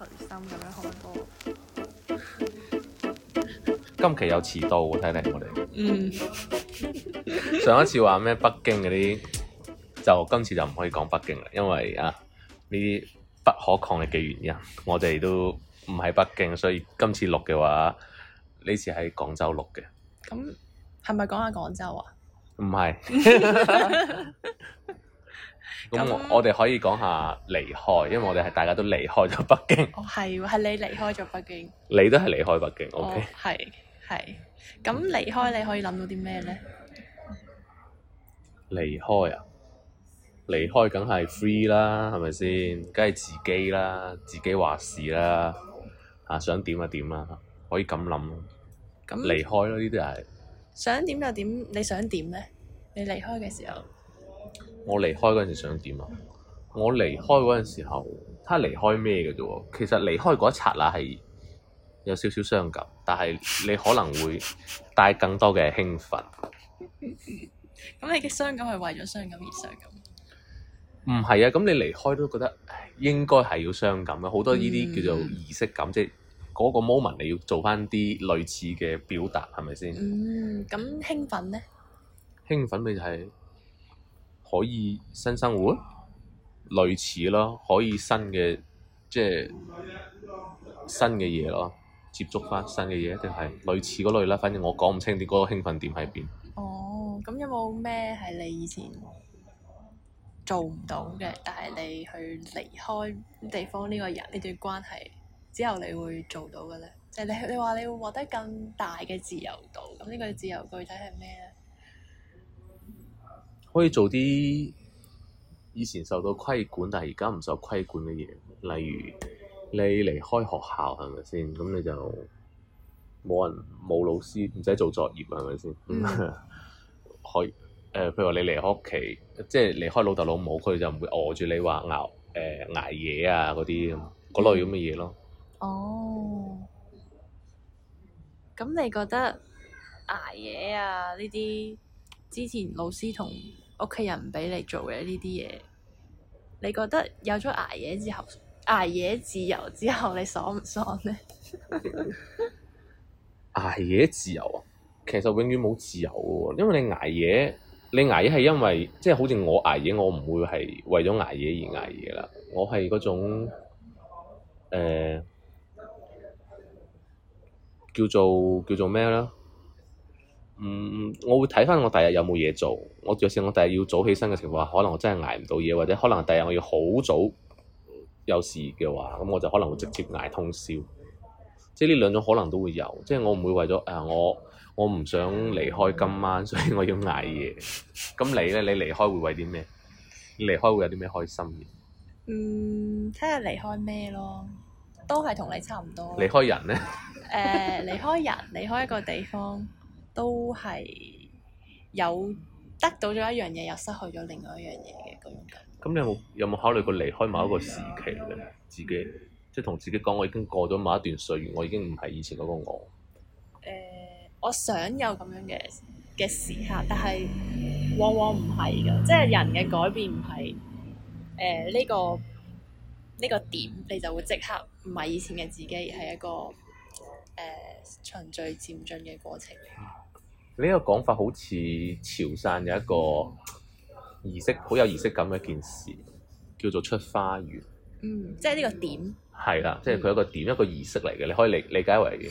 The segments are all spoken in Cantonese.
心咁樣看歌，今期有遲到睇嚟我哋。嗯， 上一次話咩北京嗰啲，就今次就唔可以講北京啦，因為啊呢啲不可抗力嘅原因，我哋都唔喺北京，所以今次錄嘅話，呢次喺廣州錄嘅。咁係咪講下廣州啊？唔係不是。 咁我哋可以講下離開，因為我哋係大家都離開咗北京。哦，係喎，係你離開咗北京，你都係離開北京。OK，係係。咁離開你可以諗到啲咩咧？離開啊，離開梗係 free 啦，係咪先？梗係自己啦，自己話事啦。啊，想點啊點啦，可以咁諗。咁離開咯，呢啲係。想點就點，你想點咧？你離開嘅時候。我離開嗰陣時想點啊？我離開嗰陣時候，睇下離開咩嘅啫喎。其實離開嗰一剎那係有少少傷感，但係你可能會帶更多嘅興奮。咁 你嘅傷感係為咗傷感而傷感？唔係啊！咁你離開都覺得應該係要傷感啊。好多呢啲叫做儀式感，嗯、即係嗰個 moment 你要做翻啲類似嘅表達，係咪先？嗯，咁興奮呢？興奮咪就係、是、～可以新生活，類似咯，可以新嘅即係新嘅嘢咯，接觸翻新嘅嘢，一定係類似嗰類啦。反正我講唔清啲嗰個興奮點喺邊。哦，咁有冇咩係你以前做唔到嘅，但係你去離開地方呢個人呢段、這個、關係之後，你會做到嘅咧？即、就、係、是、你你話你會獲得更大嘅自由度，咁呢個自由具體係咩咧？可以做啲以前受到規管，但係而家唔受規管嘅嘢，例如你離開學校係咪先？咁你就冇人冇老師，唔使做作業係咪先？可以。誒、mm hmm. 呃，譬如話你離開屋企，即係離開老豆老母，佢哋就唔會餓住你話熬誒捱、呃、夜啊嗰啲嗰類咁嘅嘢咯。哦，咁你覺得捱夜啊呢啲之前老師同？屋企人唔俾你做嘅呢啲嘢，你覺得有咗捱夜之後，捱夜自由之後，你爽唔爽呢？ 捱夜自由啊，其實永遠冇自由嘅喎，因為你捱夜，你捱夜係因為即係、就是、好似我捱夜，我唔會係為咗捱夜而捱夜啦，我係嗰種誒、呃、叫做叫做咩啦？嗯，我會睇翻我第日有冇嘢做，我就算我第日要早起身嘅情況下，可能我真係捱唔到夜，或者可能第日我要好早有事嘅話，咁我就可能會直接捱通宵。即係呢兩種可能都會有。即係我唔會為咗誒、呃、我我唔想離開今晚，所以我要捱夜。咁你呢？你離開會為啲咩？離開會有啲咩開心嘅？嗯，睇下離開咩咯，都係同你差唔多。離開人呢？誒、呃，離開人，離開一個地方。都係有得到咗一樣嘢，又失去咗另外一樣嘢嘅嗰種感覺。咁你有冇有冇考慮過離開某一個時期嘅自己？即係同自己講，我已經過咗某一段歲月，我已經唔係以前嗰個我。誒，我想有咁樣嘅嘅時刻，但係往往唔係㗎。即係人嘅改變唔係誒呢個呢個點，你就會即刻唔係以前嘅自己，而係一個誒循序漸進嘅過程。呢一個講法好似潮汕有一個儀式，好有儀式感嘅一件事，叫做出花園。嗯，即係呢個點。係啦的，嗯、即係佢有個點，一個儀式嚟嘅。你可以理理解為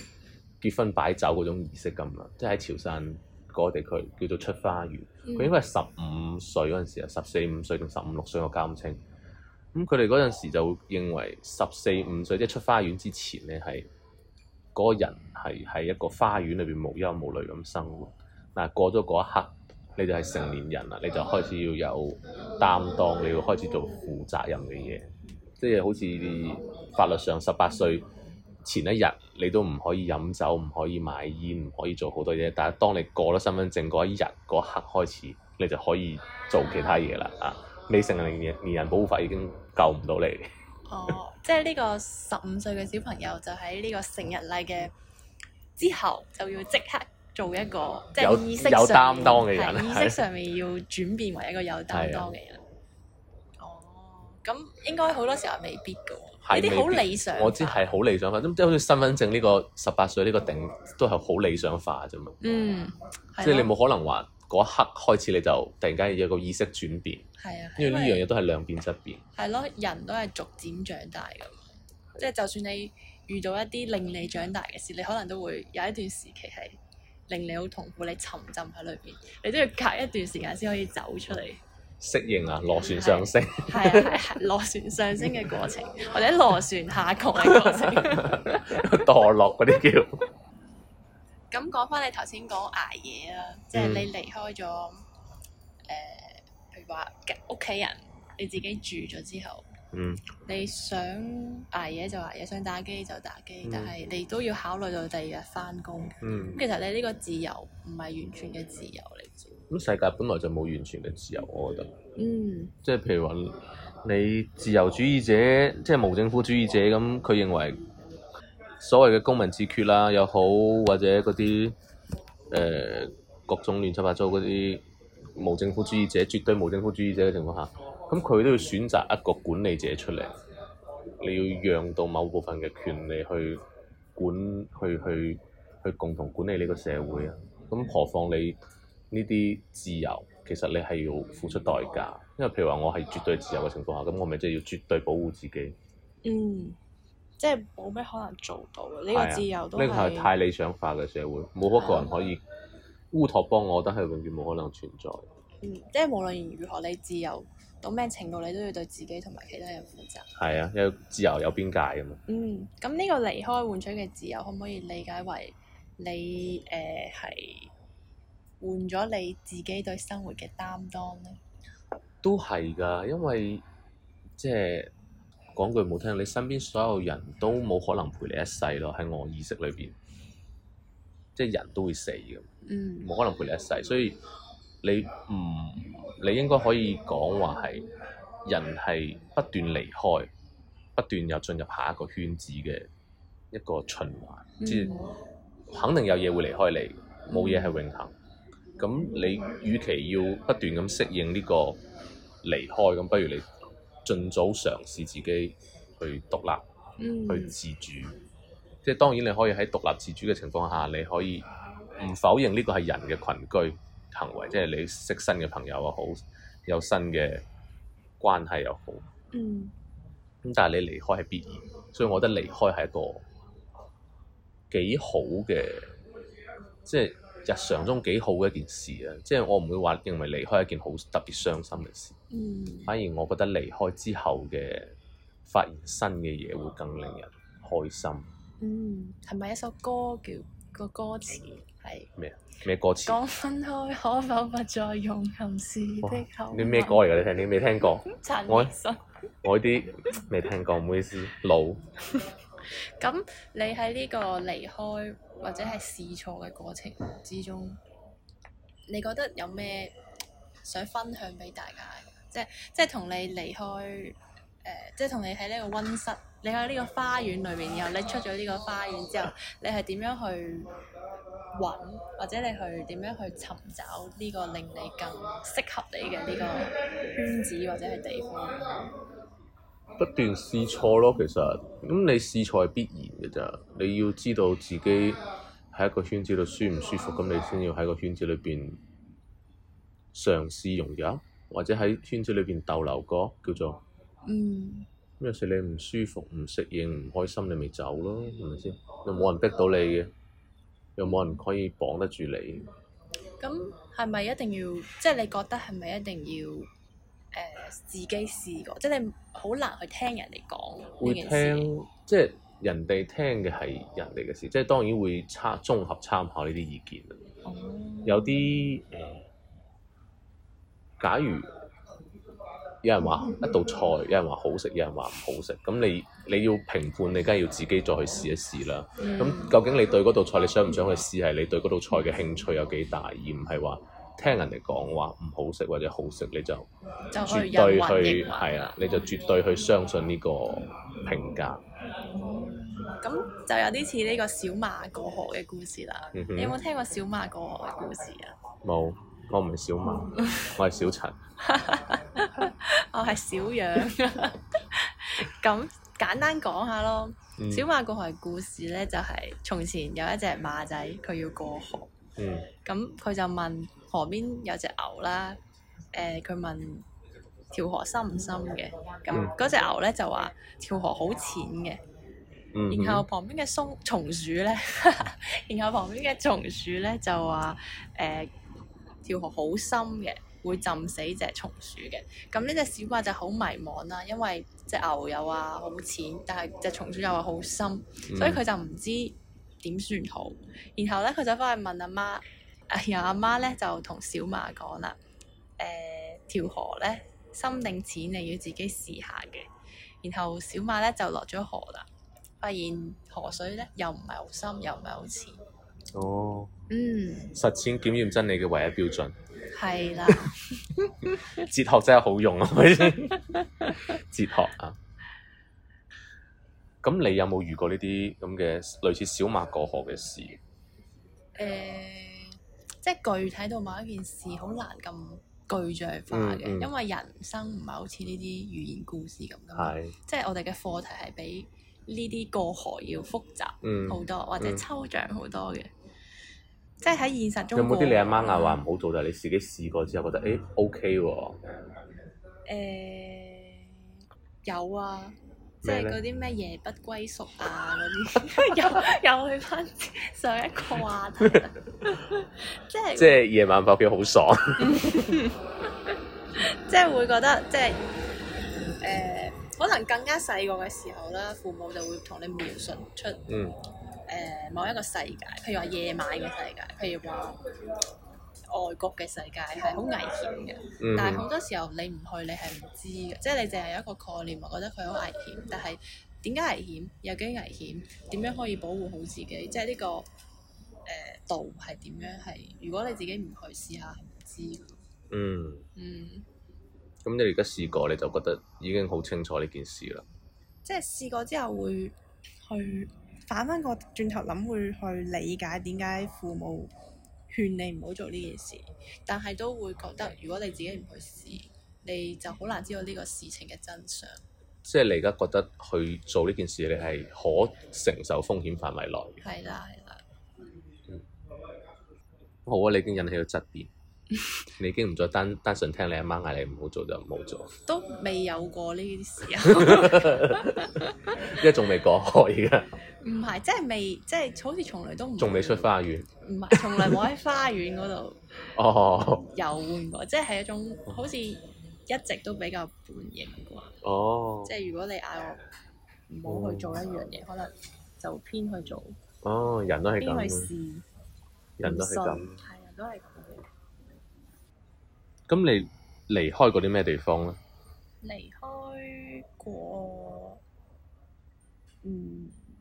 結婚擺酒嗰種儀式咁啦。即係喺潮汕嗰個地區叫做出花園。佢、嗯、應該係十五歲嗰陣時啊，十四五歲同十五六歲我搞唔清。咁佢哋嗰陣時就認為十四五歲即係出花園之前咧，係嗰、嗰個人係喺一個花園裏邊無憂無慮咁生活。嗱，過咗嗰一刻，你就係成年人啦，你就開始要有擔當，你要開始做負責任嘅嘢。即係好似法律上十八歲前一日，你都唔可以飲酒，唔可以買煙，唔可以做好多嘢。但係當你過咗身份證嗰一日嗰一刻開始，你就可以做其他嘢啦。啊，未成年人保護法已經救唔到你。哦 ，oh, 即係呢個十五歲嘅小朋友就喺呢個成人禮嘅之後就要即刻。做一個即係意識上係意識上面要轉變為一個有擔當嘅人。啊、哦，咁應該好多時候未必㗎喎，呢啲好理想。我知係好理想化，咁即係好似身份證呢個十八歲呢個頂都係好理想化啫嘛。嗯，即係你冇可能話嗰一刻開始你就突然間有個意識轉變。係啊的，因為呢樣嘢都係量變質變。係咯，人都係逐漸長大㗎嘛。即、就、係、是、就算你遇到一啲令你長大嘅事，你可能都會有一段時期係。令你好痛苦，你沉浸喺裏邊，你都要隔一段時間先可以走出嚟。適應啊，螺旋上升。係 啊係、啊啊，螺旋上升嘅過程，或者螺旋下降嘅過程。墮 落嗰啲叫。咁講翻你頭先講捱夜啦，即、就、係、是、你離開咗誒、呃，譬如話屋企人，你自己住咗之後。嗯，你想捱嘢就捱嘢，想打機就打機，嗯、但係你都要考慮到第二日翻工。嗯，其實你呢個自由唔係完全嘅自由嚟嘅。咁世界本來就冇完全嘅自由，我覺得。嗯。即係譬如話，你自由主義者，即係無政府主義者，咁佢認為所謂嘅公民自決啦，又好或者嗰啲誒各種亂七八糟嗰啲無政府主義者，絕對無政府主義者嘅情況下。咁佢、嗯、都要選擇一個管理者出嚟，你要讓到某部分嘅權利去管，去去去共同管理呢個社會啊。咁、嗯、何況你呢啲自由，其實你係要付出代價，因為譬如話我係絕對自由嘅情況下，咁我咪即係要絕對保護自己。嗯，即係冇咩可能做到呢、呢個自由都係。呢、啊、個係太理想化嘅社會，冇一個人可以烏托邦，我覺得係永遠冇可能存在。嗯、即係無論如何，你自由，到咩程度，你都要對自己同埋其他人負責。係啊，因自由有邊界㗎嘛。嗯，咁呢個離開換取嘅自由，可唔可以理解為你誒係、呃、換咗你自己對生活嘅擔當咧？都係㗎，因為即係、就是、講句唔好聽，你身邊所有人都冇可能陪你一世咯。喺我意識裏邊，即、就、係、是、人都會死嘅，冇、嗯、可能陪你一世，所以。你唔，你應該可以講話係人係不斷離開，不斷又進入下一個圈子嘅一個循環。即係肯定有嘢會離開你，冇嘢係永恆。咁你與其要不斷咁適應呢個離開，咁不如你盡早嘗試自己去獨立，嗯、去自主。即係當然你可以喺獨立自主嘅情況下，你可以唔否認呢個係人嘅群居行為即係你識新嘅朋友又好，有新嘅關係又好。嗯。咁但係你離開係必然，所以我覺得離開係一個幾好嘅，即係日常中幾好嘅一件事啊！即係我唔會話認為離開係一件好特別傷心嘅事。嗯。反而我覺得離開之後嘅發現新嘅嘢會更令人開心。嗯，係咪一首歌叫、嗰個歌詞？嗯咩咩歌詞？講分開可否不再用憾事的口吻？你咩歌嚟噶？你聽，你未聽過？ 我我啲未聽過，唔 好意思，老。咁 你喺呢個離開或者係試錯嘅過程之中，嗯、你覺得有咩想分享俾大家？即係即係同你離開誒，即係同你喺呢個溫室，你喺呢個花園裏面，然後你出咗呢個花園之後，你係點樣去？或者你去點樣去尋找呢個令你更適合你嘅呢個圈子或者係地方，不斷試錯咯。其實咁你試錯係必然嘅咋，你要知道自己喺一個圈子度舒唔舒服，咁你先要喺個圈子裏邊嘗試融入，或者喺圈子裏邊逗留過叫做。嗯。咩事你唔舒服、唔適應、唔開心，你咪走咯，係咪先？又冇人逼到你嘅。有冇人可以綁得住你？咁係咪一定要？即係你覺得係咪一定要？誒、呃，自己試過，即係你好難去聽人哋講呢件事。會聽，即係人哋聽嘅係人哋嘅事，即係當然會參綜合參考呢啲意見啦。嗯、有啲誒、呃，假如。有人話一道菜，有人話好食，有人話唔好食。咁你你要評判，你梗係要自己再去試一試啦。咁、嗯、究竟你對嗰道菜你想唔想去試？係你對嗰道菜嘅興趣有幾大，而唔係話聽人哋講話唔好食或者好食，你就，就絕對去係啊，你就絕對去相信呢個評價。哦、嗯，咁、嗯、就有啲似呢個小馬過河嘅故事啦。你有冇聽過小馬過河嘅故事啊？冇、嗯。嗯嗯我唔係小馬，我係小陳。 我係小楊。咁 簡單講下咯。嗯、小馬過河嘅故事咧，就係、是、從前有一隻馬仔，佢要過河。咁佢、嗯、就問河邊有隻牛啦，誒、呃，佢問條河深唔深嘅？咁嗰隻牛咧就話條河好淺嘅。嗯、哼然後旁邊嘅松松鼠咧， 然後旁邊嘅松鼠咧就話誒。呃條河好深嘅，會浸死隻松鼠嘅。咁呢隻小馬就好迷茫啦，因為隻牛又話好淺，但係隻松鼠又話好深，嗯、所以佢就唔知點算好。然後呢，佢就返去問阿媽，然後阿媽呢就同小馬講啦：誒、呃，條河呢，深定淺，你要自己試下嘅。然後小馬呢就落咗河啦，發現河水呢又唔係好深，又唔係好淺。哦，oh, 嗯，實踐檢驗真理嘅唯一標準係啦， 哲學真係好用啊， 哲學啊，咁你有冇遇過呢啲咁嘅類似小馬過河嘅事？誒、呃，即、就、係、是、具體到某一件事，好難咁具象化嘅。嗯嗯、因為人生唔係好似呢啲寓言故事咁樣，即係是我哋嘅課題係比呢啲過河要複雜好多，嗯、或者抽象好多嘅。嗯嗯即係喺現實中有冇啲你阿媽話唔好做，但係你自己試過之後覺得誒、欸、OK 喎？誒、欸，有啊，即係嗰啲咩夜不歸宿啊嗰啲， 又又去翻上一個話題。即係即係夜晚發表好爽，即係會覺得即係誒，可能更加細個嘅時候啦，父母就會同你描述出嗯。誒、呃、某一個世界，譬如話夜晚嘅世界，譬如話外國嘅世界，係好危險嘅。嗯、哼但係好多時候你唔去，你係唔知嘅，即係你淨係有一個概念，我覺得佢好危險。但係點解危險？有幾危險？點樣可以保護好自己？即係呢、這個誒、呃、度係點樣？係如果你自己唔去試下，係唔知嘅嗯。嗯。咁你而家試過，你就覺得已經好清楚呢件事啦。即係試過之後會去、嗯。反翻個轉頭諗會去理解點解父母勸你唔好做呢件事，但係都會覺得如果你自己唔去試，你就好難知道呢個事情嘅真相。即係你而家覺得去做呢件事，你係可承受風險範圍內嘅。係啦，係啦。好啊！你已經引起咗質變， 你已經唔再單單純聽你阿媽嗌你唔好做就唔好做。都未有過呢啲事啊！一家仲未過河而家。唔係，即係未，即係好似從來都唔仲未出花園。唔 係，從來冇喺花園嗰度。哦，有換過，即係一種好似一直都比較半型啩。哦，oh. 即係如果你嗌我唔好去做一樣嘢，oh. 可能就偏去做。哦，oh, 人都係咁。因為人都係咁。係啊信，都係咁嘅。咁你離開過啲咩地方咧？離開過，嗯。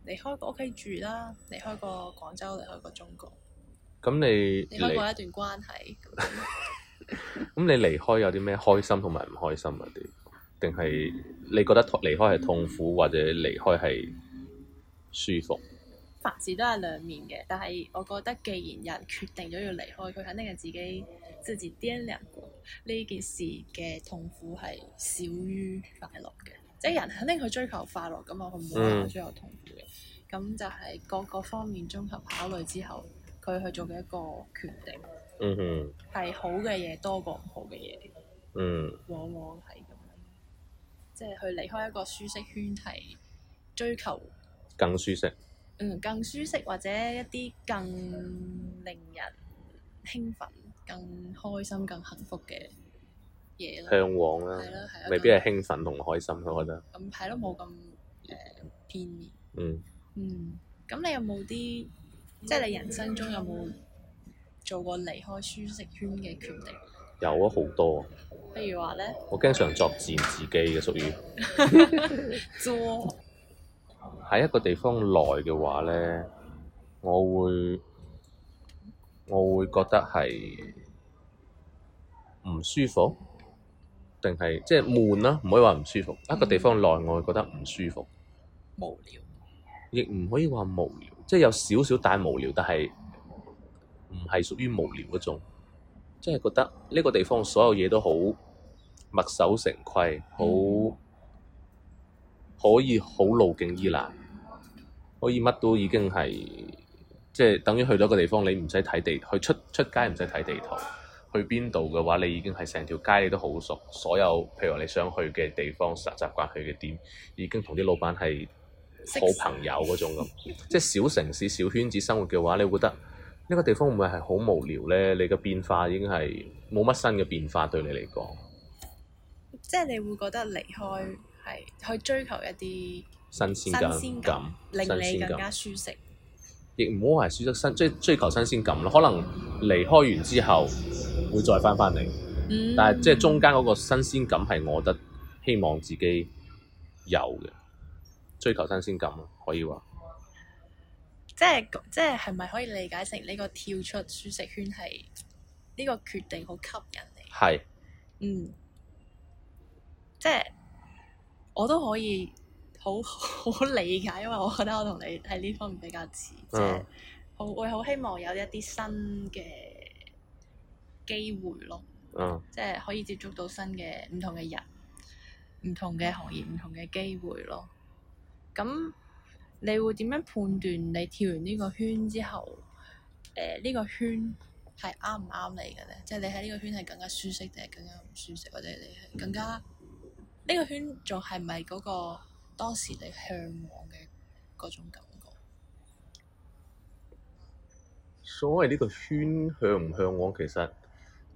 離開個屋企住啦，離開個廣州，離開個中國。咁你離，離開過一段關係。咁 你離開有啲咩開心同埋唔開心嗰啲？定係你覺得離開係痛苦，嗯、或者離開係舒服？凡事都係兩面嘅，但係我覺得，既然人決定咗要離開，佢肯定係自己即係自己掂量過。呢件事嘅痛苦係少於快樂嘅。即係人肯定去追求快樂噶嘛，佢冇話追求痛苦嘅。咁、嗯、就係各個方面綜合考慮之後，佢去做嘅一個決定，係、嗯、哼好嘅嘢多過唔好嘅嘢，嗯、往往係咁樣。即係去離開一個舒適圈，係追求更舒適。舒適嗯，更舒適或者一啲更令人興奮、更開心、更幸福嘅。向往啦，啊，未必係興奮同開心，我覺得。咁係咯，冇咁誒偏。嗯。嗯，咁你有冇啲，即、就、係、是、你人生中有冇做過離開舒適圈嘅決定？有啊，好多。譬如話咧，我經常作戰自己嘅屬於。喺 做一個地方耐嘅話咧，我會我會覺得係唔舒服。定係即係悶啦、啊，唔可以話唔舒服。嗯、一個地方內外我覺得唔舒服，無聊，亦唔可以話無聊，即係有少少大無聊，但係唔係屬於無聊嗰種，即係覺得呢個地方所有嘢都好墨守成規，好可以好路徑依賴，可以乜都已經係即係等於去咗一個地方你地，你唔使睇地去出出街唔使睇地圖。去邊度嘅話，你已經係成條街你都好熟，所有譬如你想去嘅地方，習習慣去嘅店，已經同啲老闆係好朋友嗰種咁。即係識死 小城市小圈子生活嘅話，你會覺得呢個地方會唔會係好無聊呢？你嘅變化已經係冇乜新嘅變化對你嚟講。即係你會覺得離開係去追求一啲新，新鮮感、新鮮感、令你更加舒適。亦唔好係舒適新，即追求新鮮感咯。可能離開完之後會再翻翻嚟，嗯、但係即係中間嗰個新鮮感係我覺得希望自己有嘅，追求新鮮感咯，可以話。即係即係係咪可以理解成呢個跳出舒適圈係呢個決定好吸引你？係。嗯，即係我都可以。好好理解，因為我覺得我同你喺呢方面比較似，即係好會好希望有一啲新嘅機會咯，即係、嗯、可以接觸到新嘅唔同嘅人，唔同嘅行業，唔同嘅機會咯。咁你會點樣判斷你跳完呢個圈之後，誒、呃、呢、個圈係啱唔啱你嘅咧？即、就、係、是、你喺呢個圈係更加舒適，定係更加唔舒適，或、就、者、是、你係更加呢、個圈仲係咪嗰個？當時你向往嘅嗰種感覺，所謂呢個圈向唔向往，其實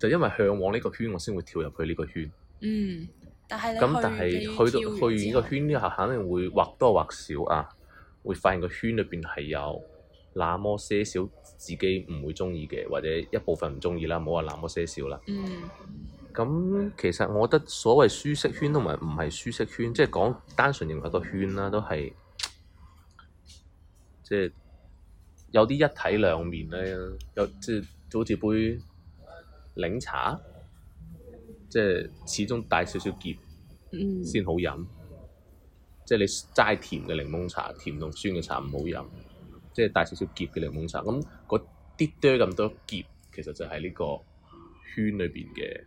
就因為向往呢個圈，我先會跳入去呢個圈。嗯，但係咁，但係去到去完呢個圈之後，肯定會或多或少啊，會發現個圈裏邊係有那麼些少自己唔會中意嘅，或者一部分唔中意啦，唔好話那麼些少啦。嗯。咁其實，我覺得所謂舒適圈同埋唔係舒適圈，即係講單純認為個圈啦，都係即係有啲一體兩面咧。有即係、就是、好似杯檸茶，即、就、係、是、始終帶少少澀，先好飲。即係、嗯、你齋甜嘅檸檬茶，甜同酸嘅茶唔好飲。即、就、係、是、帶少少澀嘅檸檬茶，咁嗰啲堆咁多澀，其實就喺呢個圈裏邊嘅。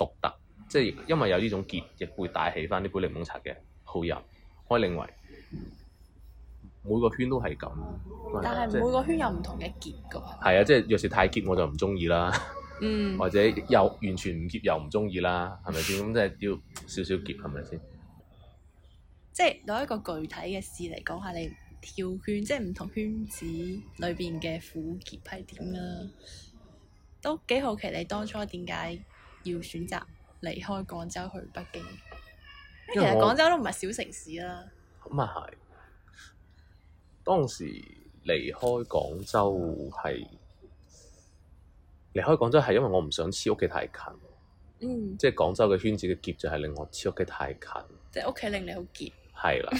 獨特，即係因為有呢種結，亦會帶起翻呢杯檸檬茶嘅好飲。可以認為每個圈都係咁，但係是、就是、每個圈有唔同嘅結噶。係啊，即係若是太結，我就唔中意啦。嗯，或者又完全唔結又唔中意啦，係咪先？咁即係要少少結，係咪先？即係攞一個具體嘅事嚟講下，你跳圈，即係唔同圈子裏邊嘅苦結係點啦？都幾好奇你當初點解？要選擇離開廣州去北京，其實廣州都唔係小城市啦。咁啊係，當時離開廣州係離開廣州係因為我唔想黐屋企太近，嗯，即係廣州嘅圈子嘅結就係令我黐屋企太近，即係屋企令你好結，係啦。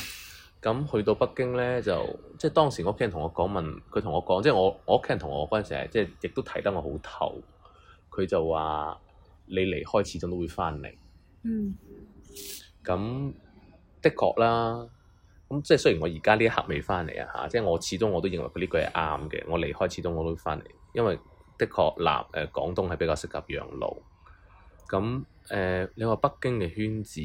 咁 去到北京咧，就即係當時我屋企人同我講問佢同我講，即我我我係我我屋企人同我嗰陣時係即係亦都睇得我好透，佢就話。你離開始終都會翻嚟，嗯，咁的確啦，咁即係雖然我而家呢一刻未翻嚟啊，嚇，即係我始終我都認為佢呢句係啱嘅。我離開始終我都翻嚟，因為的確南誒、呃、廣東係比較適合養老，咁誒、呃、你話北京嘅圈子，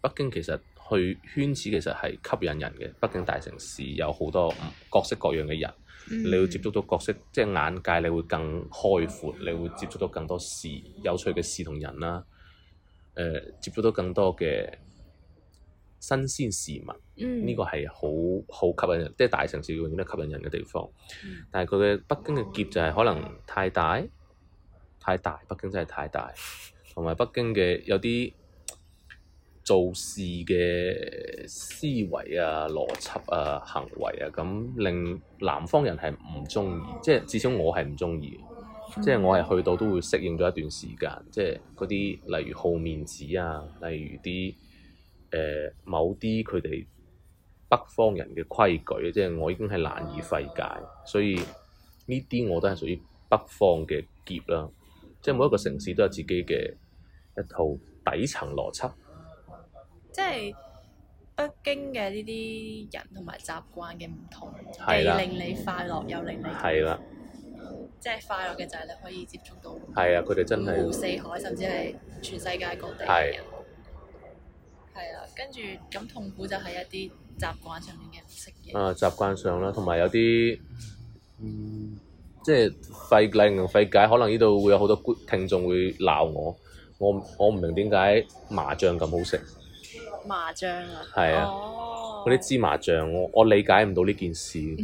北京其實去圈子其實係吸引人嘅，北京大城市有好多各式各樣嘅人。你會接觸到角色，即係眼界，你會更開闊，你會接觸到更多事、有趣嘅事同人啦。誒，接觸到更多嘅新鮮事物，呢個係好好吸引人，即係大城市永遠都吸引人嘅地方。嗯，但係佢嘅北京嘅結就係可能太大，太大，北京真係太大，同埋北京嘅有啲，做事嘅思維啊、邏輯啊、行為啊，咁令南方人係唔鍾意，即係至少我係唔鍾意。即係我係去到都會適應咗一段時間，即係嗰啲例如好面子啊，例如啲誒、呃、某啲佢哋北方人嘅規矩，即係我已經係難以費解，所以呢啲我都係屬於北方嘅劫啦、啊。即係每一個城市都有自己嘅一套底層邏輯。即係北京嘅呢啲人同埋習慣嘅唔同，的既令你快樂又令你係啦。的即係快樂嘅就係你可以接觸到係啊。佢哋真係五湖四海，甚至係全世界各地嘅人。係啊的的，跟住咁痛苦就係一啲習慣上面嘅唔適應啊。習慣上啦，同埋有啲嗯，即係費令費解。可能呢度會有好多觀聽眾會鬧我，我我唔明點解麻醬咁好食。麻醬啊！哦、啊，嗰啲芝麻醬我我理解唔到呢件事 即，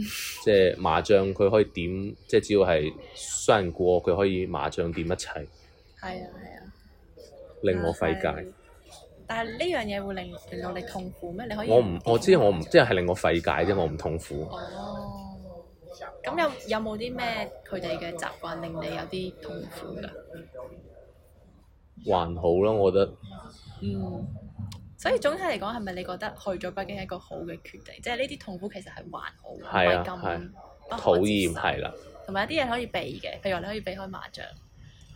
即係麻醬佢可以點，即係只要係傷人過佢可以麻醬點一切。係啊係啊。啊令我費解。但係呢樣嘢會令令到你痛苦咩？你可以。我唔不我知我唔即係令我費解啫， 我唔痛苦。哦。咁有有冇啲咩佢哋嘅習慣令你有啲痛苦㗎？還好啦，我覺得。嗯。所以總體嚟講，係咪你覺得去咗北京係一個好嘅決定？即係呢啲痛苦其實係還好，唔係咁討厭，係啦。同埋、啊、有啲嘢可以避嘅，譬如話你可以避開麻將。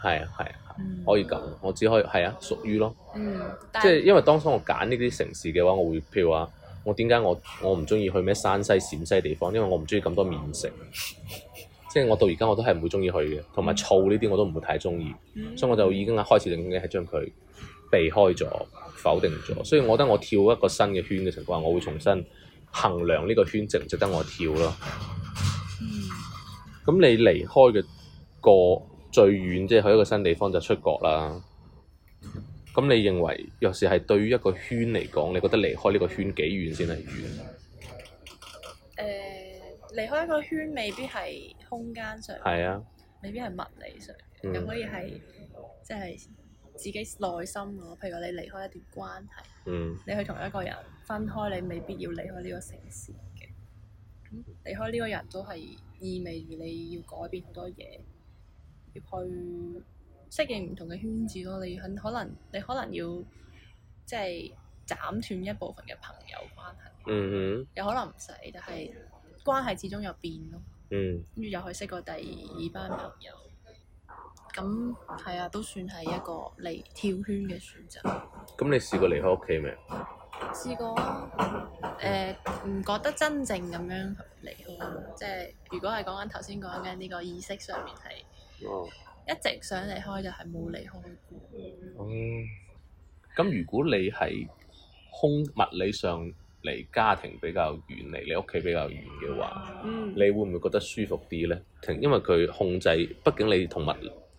係啊係啊，啊嗯、可以咁。我只可以係啊，屬於咯。嗯，但即係因為當初我揀呢啲城市嘅話，我會譬如話，我點解我我唔中意去咩山西、陝西地方？因為我唔中意咁多麪食。 即係我到而家我都係唔會中意去嘅，同埋醋呢啲我都唔會太中意，嗯、所以我就已經開始已經係將佢。避開咗，否定咗，所以我覺得我跳一個新嘅圈嘅情況，我會重新衡量呢個圈值唔值得我跳咯。嗯。咁你離開嘅個最遠，即係去一個新地方就係、出國啦。咁你認為，若是係對於一個圈嚟講，你覺得離開呢個圈幾遠先係遠？誒、呃，離開一個圈未必係空間上，係啊，未必係物理上，嗯、又可以係即係。就係自己內心咯，譬如話你離開一段關係，嗯、你去同一個人分開，你未必要離開呢個城市嘅。咁、嗯、離開呢個人都係意味住你要改變好多嘢，要去適應唔同嘅圈子咯。你很可能你可能要即係、就是、斬斷一部分嘅朋友關係，嗯、哼有可能唔使，但係關係始終有變咯。跟住又去識個第二班朋友。啊咁係啊，都算係一個嚟跳圈嘅選擇。咁你試過離開屋企未？試過誒，唔、呃、覺得真正咁樣離開。即係如果係講緊頭先講緊呢個意識上面係一直想離開就係冇離開過。哦、嗯，咁如果你係空物理上離家庭比較遠，離你屋企比較遠嘅話，嗯、你會唔會覺得舒服啲呢？停，因為佢控制，畢竟你同物，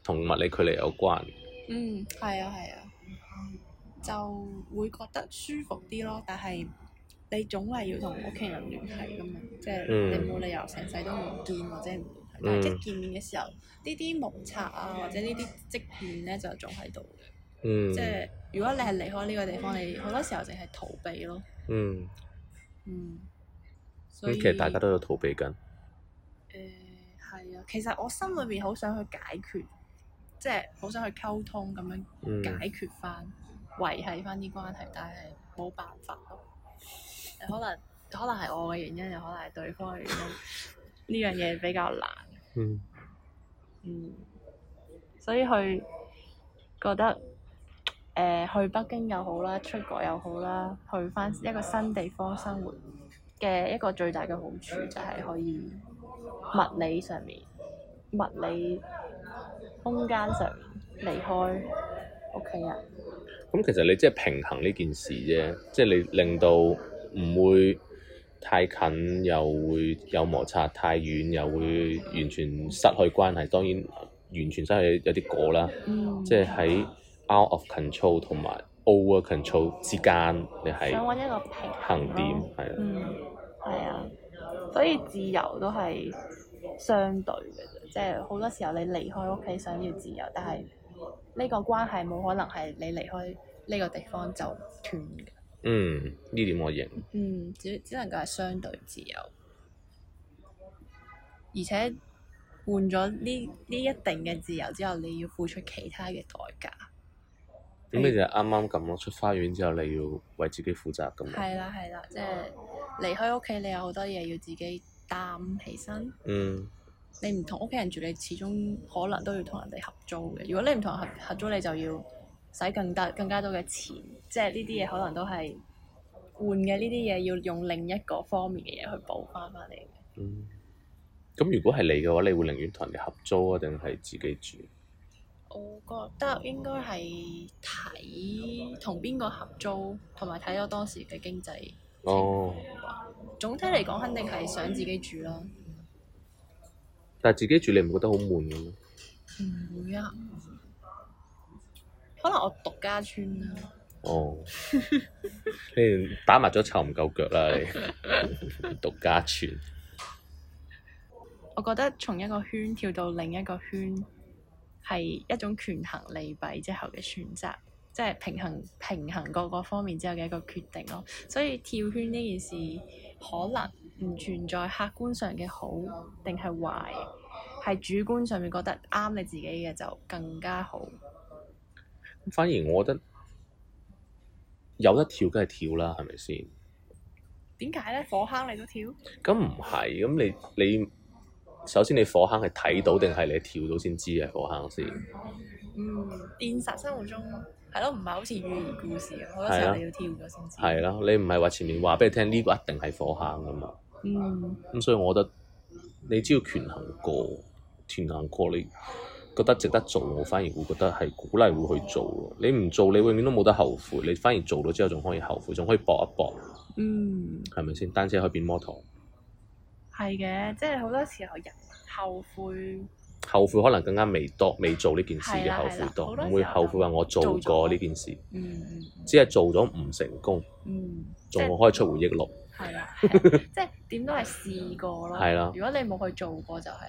同物理距離有關。嗯，係啊，係啊，就會覺得舒服啲咯。但係你總係要同屋企人聯繫㗎嘛，即係、嗯、你冇理由成世都唔見或者唔聯繫。但係一見面嘅時候，呢啲摩擦啊，或者呢啲積怨咧，就仲喺度嘅。嗯。即係如果你係離開呢個地方，你好多時候淨係逃避咯。嗯。嗯。所以、嗯、其實大家都有逃避緊。誒，係啊，其實我心裏面好想去解決。即係好想去溝通咁樣解決翻、維繫翻啲關係，但係冇辦法咯。可能可能係我嘅原因，又可能係對方嘅原因。呢樣嘢比較難。嗯。嗯。所以佢覺得誒、呃、去北京又好啦，出國又好啦，去翻一個新地方生活嘅一個最大嘅好處就係可以物理上面物理空間上離開屋企人，咁其實你即係平衡呢件事啫，即係你令到唔會太近又會有摩擦，太遠又會完全失去關係。當然，完全失去有啲過啦，即係喺 out of control 同埋 over control 之間你，你係想揾一個平衡點，係啊的，係啊、嗯，所以自由都係相對嘅。即係好多時候你離開屋企想要自由，但係呢個關係冇可能係你離開呢個地方就斷嘅。嗯，呢點我認。嗯，只只能夠係相對自由，而且換咗呢呢一定嘅自由之後，你要付出其他嘅代價。咁你、嗯、就啱啱咁咯，出花園之後你要為自己負責咁。係啦係啦，即係離開屋企，你有好多嘢要自己擔起身。嗯。你唔同屋企人住，你始終可能都要同人哋合租嘅。如果你唔同人合合租，你就要使更大更加多嘅錢。即係呢啲嘢可能都係換嘅，呢啲嘢要用另一個方面嘅嘢去補翻翻嚟。嗯，咁如果係你嘅話，你會寧願同人哋合租啊，定係自己住？我覺得我應該係睇同邊個合租，同埋睇咗當時嘅經濟情況。Oh. 總體嚟講，肯定係想自己住咯。但係自己住，你唔覺得好悶嘅咩？唔會啊，可能我獨家村啦。哦， 你打麻雀湊唔夠腳啦，你獨 家村。我覺得從一個圈跳到另一個圈，係一種權衡利弊之後嘅選擇，即係平衡，平衡各個方面之後嘅一個決定咯。所以跳圈呢件事可能。唔存在客觀上嘅好定係壞，係主觀上面覺得啱你自己嘅就更加好。反而我覺得有得跳，梗係跳啦，係咪先？點解咧？火坑你都跳？咁唔係，咁你你首先你火坑係睇到定係你跳到先知係火坑先？嗯，現實生活中係咯，唔係好似寓言故事，好多時候你要跳咗先知。係啦、啊啊，你唔係話前面話俾你聽呢個一定係火坑㗎嘛？嗯，咁所以我覺得你只要權衡過，權衡過你覺得值得做，我反而會覺得係鼓勵會去做。你唔做，你永遠都冇得後悔。你反而做到之後，仲可以後悔，仲可以搏一搏。嗯，係咪先？單車可以變摩托，係嘅，即係好多時候人後悔，後悔可能更加未多未做呢件事嘅後悔多，唔會後悔話我做過呢件事。嗯、只係做咗唔成功。嗯，仲、嗯、可開出回憶錄。係啦，即係點都係試過咯。如果你冇去做過，就係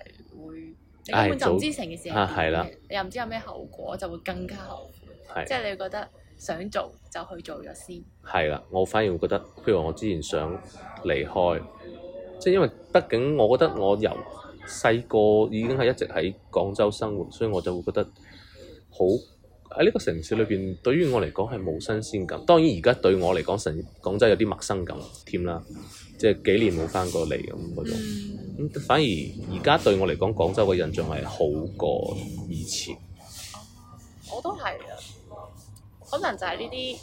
會你根本就唔知情嘅事嚟嘅， 你又唔知有咩後果，就會更加後悔。即係你覺得想做就去做咗先。係啦，我反而會覺得，譬如我之前想離開，即係因為畢竟我覺得我由細個已經係一直喺廣州生活，所以我就會覺得好。喺呢個城市裏邊，對於我嚟講係冇新鮮感。當然而家對我嚟講，成廣州有啲陌生感添啦，即係幾年冇返過嚟咁嗰種。咁、嗯、反而而家對我嚟講，廣州嘅印象係好過以前。我都係啊，可能就係呢啲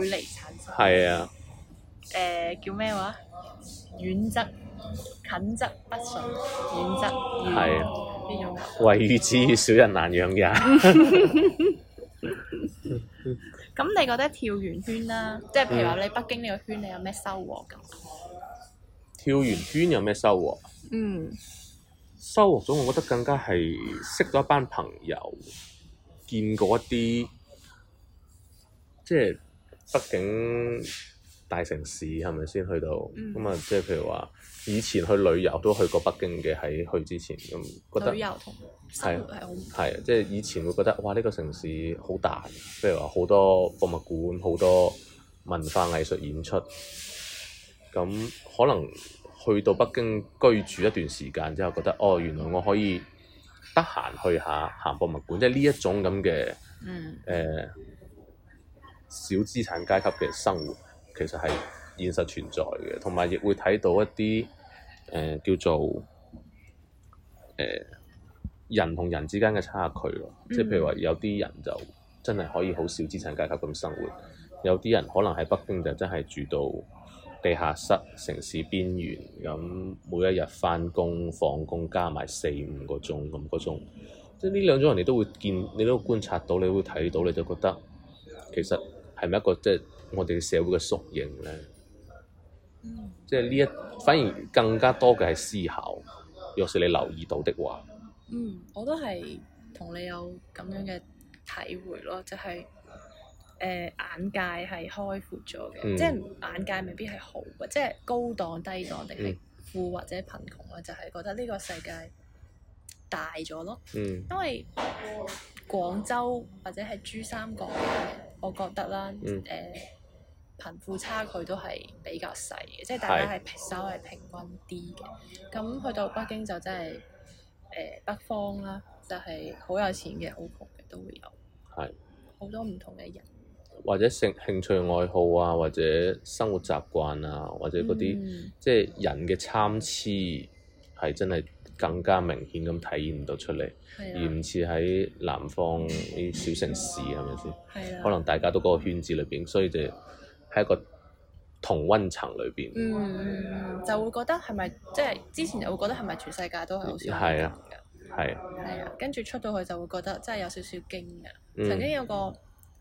距離產生。係啊。誒、呃，叫咩話？遠則近則不順，遠則要。唯女子小人難養嘅，咁你覺得跳圓圈啦，即係譬如話你北京呢個圈，你有咩收穫咁？嗯、跳圓圈有咩收穫？嗯，收穫咗，我覺得更加係識咗一班朋友，見過一啲，即係畢竟。大城市係咪先去到咁啊？即係、嗯嗯即係、譬如話，以前去旅遊都去過北京嘅，喺去之前咁、嗯、覺得。旅遊同生活係係即係以前會覺得哇！呢、呢個城市好大，譬如話好多博物館、好多文化藝術演出。咁、嗯、可能去到北京居住一段時間之後，覺得哦，原來我可以得閒去下行博物館，即係呢一種咁嘅誒小資產階級嘅生活。其實係現實存在嘅，同埋亦會睇到一啲誒、呃、叫做誒、呃、人同人之間嘅差距咯。嗯、即係譬如話，有啲人就真係可以好少資產階級咁生活，有啲人可能喺北京就真係住到地下室、城市邊緣咁，每一日返工、放工加埋四五個鐘咁、嗰種。即係呢兩種人，你都會見，你都會觀察到，你會睇到，你就覺得其實係咪一個即係？我哋嘅社會嘅縮影咧，嗯、即係呢一反而更加多嘅係思考。若是你留意到的話，嗯，我都係同你有咁樣嘅體會咯，就係、是、誒、呃、眼界係開闊咗嘅，嗯、即係眼界未必係好嘅，即係高檔、低檔定係富或者貧窮咧，嗯、就係覺得呢個世界大咗咯，嗯、因為廣州或者係珠三角，我覺得啦，誒、嗯。貧富差距都係比較細嘅，即係大家係稍為平均啲嘅。咁是去到北京就真係誒、呃、北方啦，就係、是、好有錢嘅、好窮嘅都會有，係好多唔同嘅人，或者性興趣愛好啊，或者生活習慣啊，或者嗰啲即係人嘅參差係真係更加明顯咁體現到出嚟，啊、而唔似喺南方啲小城市係咪先？係 啊，是是啊，可能大家都嗰個圈子裏邊，所以就。喺一個同溫層裏邊，嗯，就會覺得係咪即係之前就會覺得係咪全世界都係好少嘅，係啊，係啊，係啊，跟住出到去就會覺得真係有少少驚噶。嗯、曾經有個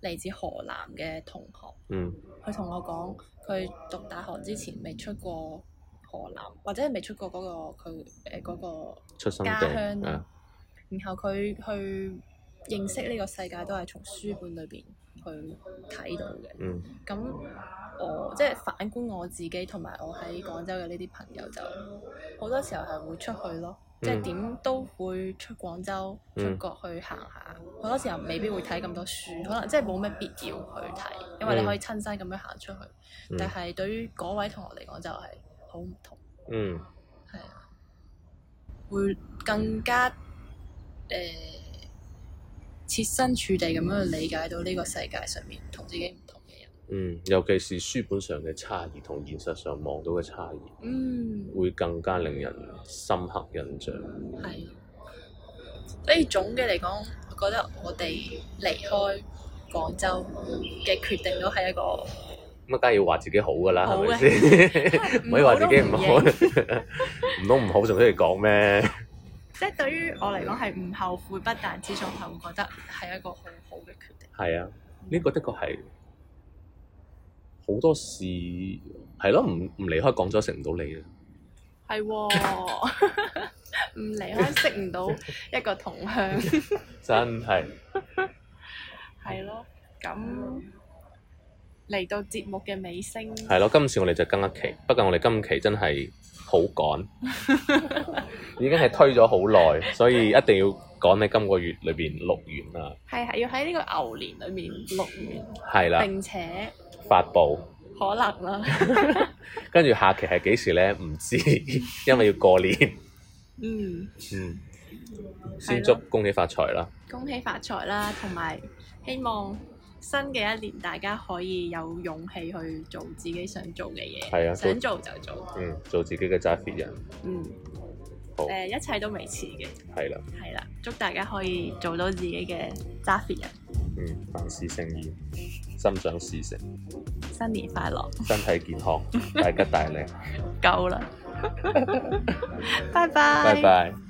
嚟自河南嘅同學，嗯，佢同我講，佢讀大學之前未出過河南，或者係未出過嗰、嗰個佢誒嗰個出生家鄉，啊、然後佢去認識呢個世界都係從書本裏邊。去睇到嘅，咁、嗯、我即係、就是、反觀我自己同埋我喺廣州嘅呢啲朋友，就好多時候係會出去咯，即係點都會出廣州、嗯、出國去行下。好多時候未必會睇咁多書，可能即係冇咩必要去睇，因為你可以親身咁樣行出去。嗯、但係對於嗰位同學嚟講就係好唔同，嗯，係啊，會更加誒。嗯呃設身處地咁樣去理解到呢個世界上面同自己唔同嘅人，嗯，尤其是書本上嘅差異同現實上望到嘅差異，嗯，會更加令人深刻印象。係，所以總嘅嚟講，我覺得我哋離開廣州嘅決定都係一個，乜梗係要話自己好噶啦，係咪先？唔 可以話自己唔好，唔通唔好仲出嚟講咩？即係對於我嚟講係唔後悔，不但止，仲係覺得係一個好好嘅決定。係啊，呢、這個的確係好多事係咯，唔唔離開廣州食唔到你嘅。係喎、啊，唔離 開食唔到一個同鄉。 真係的。係咯、 啊，咁嚟到節目嘅尾聲係咯，今次我哋就更一期。不過我哋今期真係。好趕，已經係推咗好耐，所以一定要趕喺今個月裏邊錄完啦。係係，要喺呢個牛年裏面錄完。係啦的，並且發布佈可能啦。 跟住下期係幾時呢？唔知，因為要過年。嗯嗯，先祝恭喜發財啦！恭喜發財啦，同埋希望。新嘅一年，大家可以有勇氣去做自己想做嘅嘢。係啊，想做就做。嗯，做自己嘅揸 fit 人。嗯，好、呃。一切都未遲嘅。係啦、啊。係啦、啊，祝大家可以做到自己嘅揸 fit 人。嗯，萬事勝意，心想事成。新年快樂，身體健康，大吉大利。 夠啦了！拜拜，拜拜。